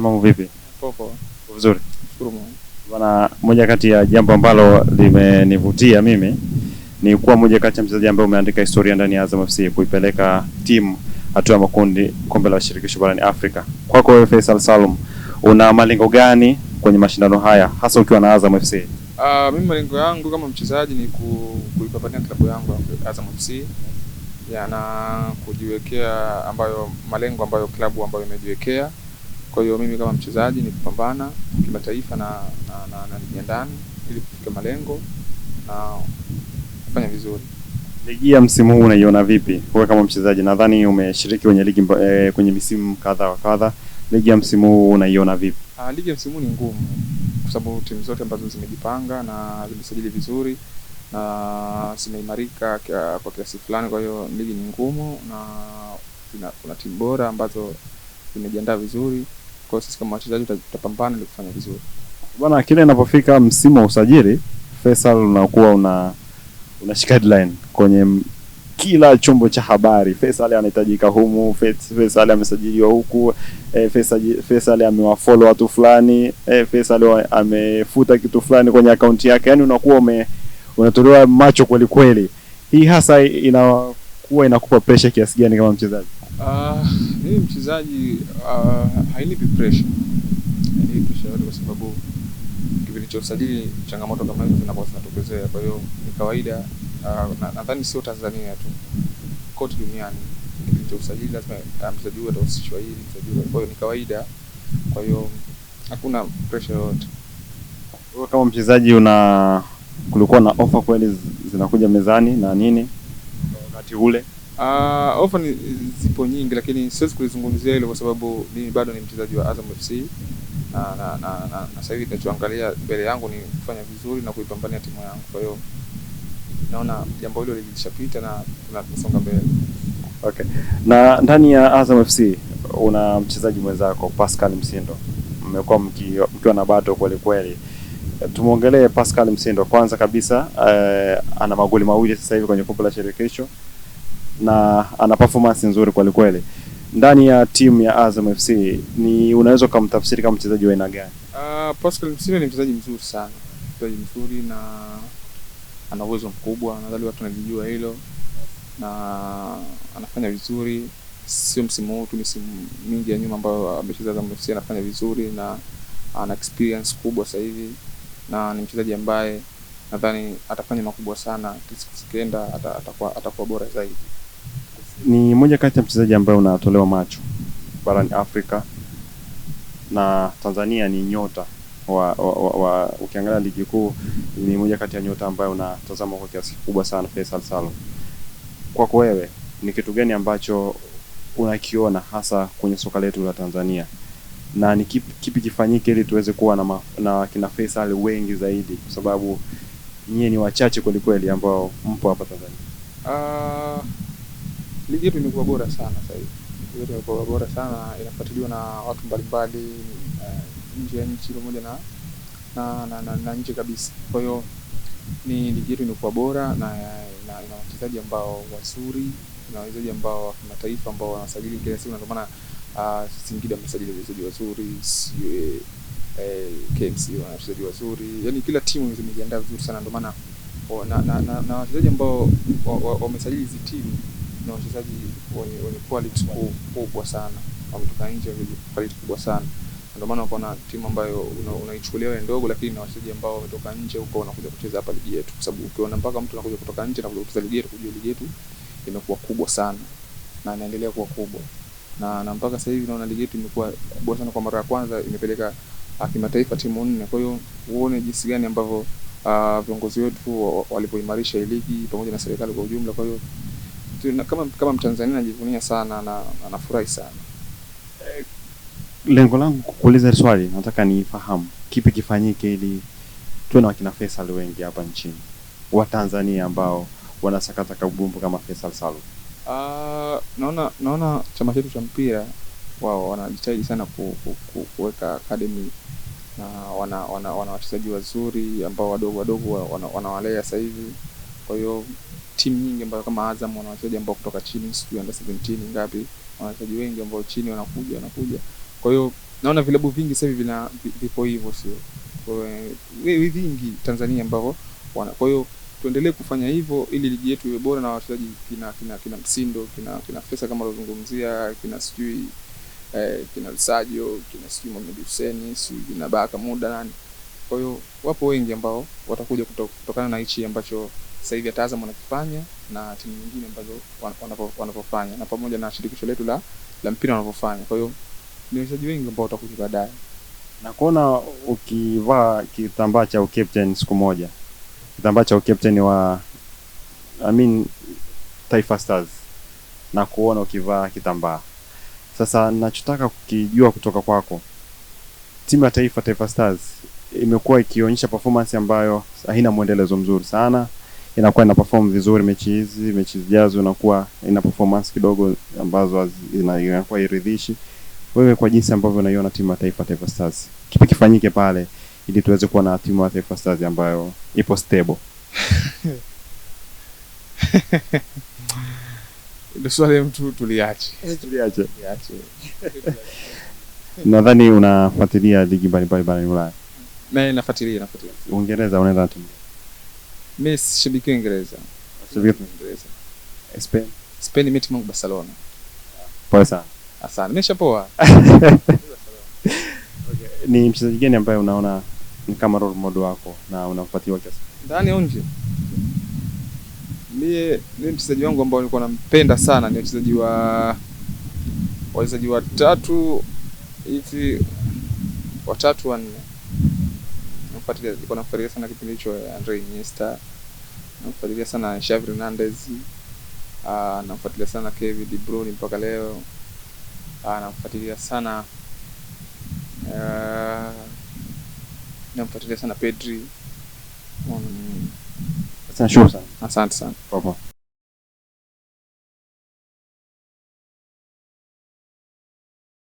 Mambo vipi? Poko. Popo. Vizuri. Shukuru Mungu. Bana, moja kati ya jambo ambalo limenivutia mimi ni kuwa moja kati ya mchezaji ambaye umeandika historia ndani ya Azam FC kuipeleka timu hatua ya makundi kombe la shirikisho barani Afrika. Kwako wewe Faisal Salum, una malengo gani kwenye mashindano haya hasa ukiwa na Azam FC? Ah, Uh, mimi malengo yangu kama mchezaji ni ku, kuipapania klabu yangu Azam FC ya, na kujiwekea ambayo malengo ambayo klabu ambayo imejiwekea kwa hiyo mimi kama mchezaji ni kupambana kimataifa na, na, na, na ligi ya ndani ili kufika malengo na kufanya vizuri. Ligi ya msimu huu unaiona vipi wewe kama mchezaji? Nadhani umeshiriki kwenye ligi eh, kwenye misimu kadha wa kadha. Ligi ya msimu huu unaiona vipi? Ah, ligi ya msimu ni ngumu kwa sababu timu zote ambazo zimejipanga na zimesajili vizuri na zimeimarika kwa kiasi fulani. Kwa hiyo ligi ni ngumu na kuna timu bora ambazo zimejiandaa vizuri. Kwa sisi kama wachezaji tutapambana ili kufanya vizuri. Bwana, kile inapofika msimu wa usajili, Faisal unakuwa una unashika headline kwenye kila chombo cha habari. Faisal anahitajika humu, Faisal amesajiliwa huku, e, Faisal, Faisal amewafollow watu fulani, e, Faisal amefuta kitu fulani kwenye akaunti yake. yani unakuwa ume unatolewa macho kweli kweli. Hii hasa inakuwa inakupa pressure kiasi gani kama mchezaji? Ah, mimi mchezaji ah, hainipi pressure, hainipi pressure yoyote kwa sababu kipindi cha usajili changamoto kama hizo zinakuwa zinatokezea. Kwa hiyo ni kawaida, ah, nadhani sio Tanzania tu, kote duniani kipindi cha usajili lazima mchezaji huyu atahusishwa hili, mchezaji huyu. Kwa hiyo ni kawaida, kwa hiyo hakuna pressure yoyote. Wewe kama mchezaji una kulikuwa na ofa kweli zinakuja mezani na nini wakati ule? Uh, ah, ofa ni zipo nyingi, lakini siwezi kulizungumzia hilo kwa sababu mimi bado ni mchezaji wa Azam FC na, na, na, na, na sasa hivi ninachoangalia mbele yangu ni kufanya vizuri na kuipambania timu yangu. Kwa hiyo naona jambo hilo lilishapita na tunasonga mbele. Okay. Na ndani ya Azam FC una mchezaji mwenzako Pascal Msindo, mmekuwa mkiwa na bado kweli kweli. Tumwongelee Pascal Msindo kwanza kabisa. eh, ana magoli mawili sasa hivi kwenye kombe la shirikisho na ana performance nzuri kweli kweli ndani ya timu ya Azam FC, ni unaweza ukamtafsiri kama mchezaji wa aina gani? Uh, Pascal Msibe ni mchezaji mzuri sana, mchezaji mzuri na ana uwezo mkubwa, nadhani watu wanajijua hilo na anafanya vizuri, sio msimu huu tu, misimu mingi ya nyuma ambayo amecheza Azam FC anafanya vizuri na ana experience kubwa sasa hivi, na ni mchezaji ambaye nadhani atafanya makubwa sana, kisikenda atakuwa atakuwa bora zaidi ni moja kati ya mchezaji ambaye unatolewa macho barani Afrika na Tanzania ni nyota wa, wa, wa, wa ukiangalia ligi kuu ni moja kati ya nyota ambayo unatazama kwa kiasi kikubwa sana Faisal Salum. Kwako wewe ni kitu gani ambacho unakiona hasa kwenye soka letu la Tanzania na ni kipi, kipi kifanyike ili tuweze kuwa na, ma, na kina Faisal wengi zaidi, kwa sababu nyie ni wachache kwelikweli ambao mpo hapa Tanzania? Uh ligi yetu imekuwa bora sana sasa hivi. imekuwa bora sana, inafuatiliwa na watu mbalimbali uh, nje ya nchi pamoja na na, na, na, na nje kabisa. Kwa hiyo ni ligi yetu imekuwa bora na, na ina wachezaji ambao wazuri na wachezaji ambao wa kimataifa ambao wanasajili kila siku, ndio maana uh, Singida amesajili wachezaji wazuri eh, eh, KMC wana wachezaji wazuri, yani kila timu imejiandaa vizuri sana, ndio maana oh, na, na, na, na wachezaji ambao wamesajili wa, wa hizi timu na wachezaji wenye wenye quality kubwa sana, wametoka nje wenye quality kubwa sana ndio maana uko na timu ambayo unaichukulia una wewe ndogo, lakini na wachezaji ambao wametoka nje huko wanakuja kucheza hapa ligi yetu, kwa sababu ukiona mpaka mtu anakuja kutoka nje na kuja kucheza ligi yetu, kujua ligi yetu imekuwa kubwa sana na inaendelea kuwa kubwa na, na mpaka sasa hivi naona ligi yetu imekuwa kubwa sana. Kwa mara ya kwanza imepeleka ah, kimataifa timu nne. Kwa hiyo uone jinsi gani ambavyo uh, viongozi wetu walipoimarisha ligi pamoja na serikali kwa ujumla. Kwa hiyo kama, kama Mtanzania najivunia sana na anafurahi sana. Lengo langu kukuuliza swali, nataka nifahamu kipi kifanyike ili tuwe na wakina Faisal wengi hapa nchini, Watanzania ambao wanasakata kabumbu kama Faisal Salum. Uh, ah, naona naona chama chetu cha mpira wao wanajitahidi sana ku, ku, ku, kuweka academy na wana, wana, wana wachezaji wazuri ambao wadogo wadogo wanawalea wana sasa hivi, kwa hiyo timu nyingi ambayo kama Azam wana wachezaji ambao kutoka chini, sijui under 17 ngapi, wana wachezaji wengi ambao chini wanakuja wanakuja. Kwa hiyo naona vilabu vingi sasa hivi vipo hivyo, sio wewe eh, vingi Tanzania ambao wana. Kwa hiyo tuendelee kufanya hivyo ili ligi yetu iwe bora na wachezaji kina kina kina Msindo kina kina Fesa kama alivyozungumzia kina sijui eh, kina Sajo kina sijui Mohamed Hussein sijui kina Baka muda nani. Kwa hiyo wapo wengi ambao watakuja kutokana na hichi ambacho sasa hivi Azam wanakifanya na timu nyingine ambazo wanavyofanya na pamoja na shirikisho letu la, la mpira wanavyofanya. Kwa hiyo ni wachezaji wengi ambao watakuja baadaye. Na kuona ukivaa kitambaa cha ukapteni siku moja, kitambaa cha ukapteni wa I mean, Taifa Stars na kuona ukivaa kitambaa sasa, nachotaka kukijua kutoka kwako, timu ya taifa Taifa Stars imekuwa ikionyesha performance ambayo haina mwendelezo mzuri sana inakuwa ina perform vizuri mechi hizi, mechi zijazo inakuwa ina performance kidogo ambazo inakuwa iridhishi. Wewe kwa jinsi ambavyo unaiona timu ya taifa Taifa Stars, kipi kifanyike pale ili tuweze kuwa na timu ya Taifa Stars ambayo ipo stable? Ndio swali mtu tuliache. Eh, tuliache. Tuliache. Nadhani unafuatilia ligi mbalimbali barani Ulaya. Naye nafuatilia, nafuatilia. Uingereza unaenda timu mi sishabikia Uingereza, Spain mi timu Barcelona. sana. Asante, nimeshapoa. Okay. Ni mchezaji gani ambaye unaona ni kama role model wako na unamfuatilia kiasi ndani au nje? Mie mimi mchezaji wangu ambao nilikuwa nampenda sana ni wachezaji wa wachezaji watatu hivi watatu wanne nafuatilia, nilikuwa nafuatilia sana kipindi hicho Andre Iniesta, nafuatilia sana Xavi Hernandez, uh, sana Kevin De Bruyne mpaka leo, uh, sana uh, ah, namfuatilia sana Pedri. Mm. asante sana. Asante sana.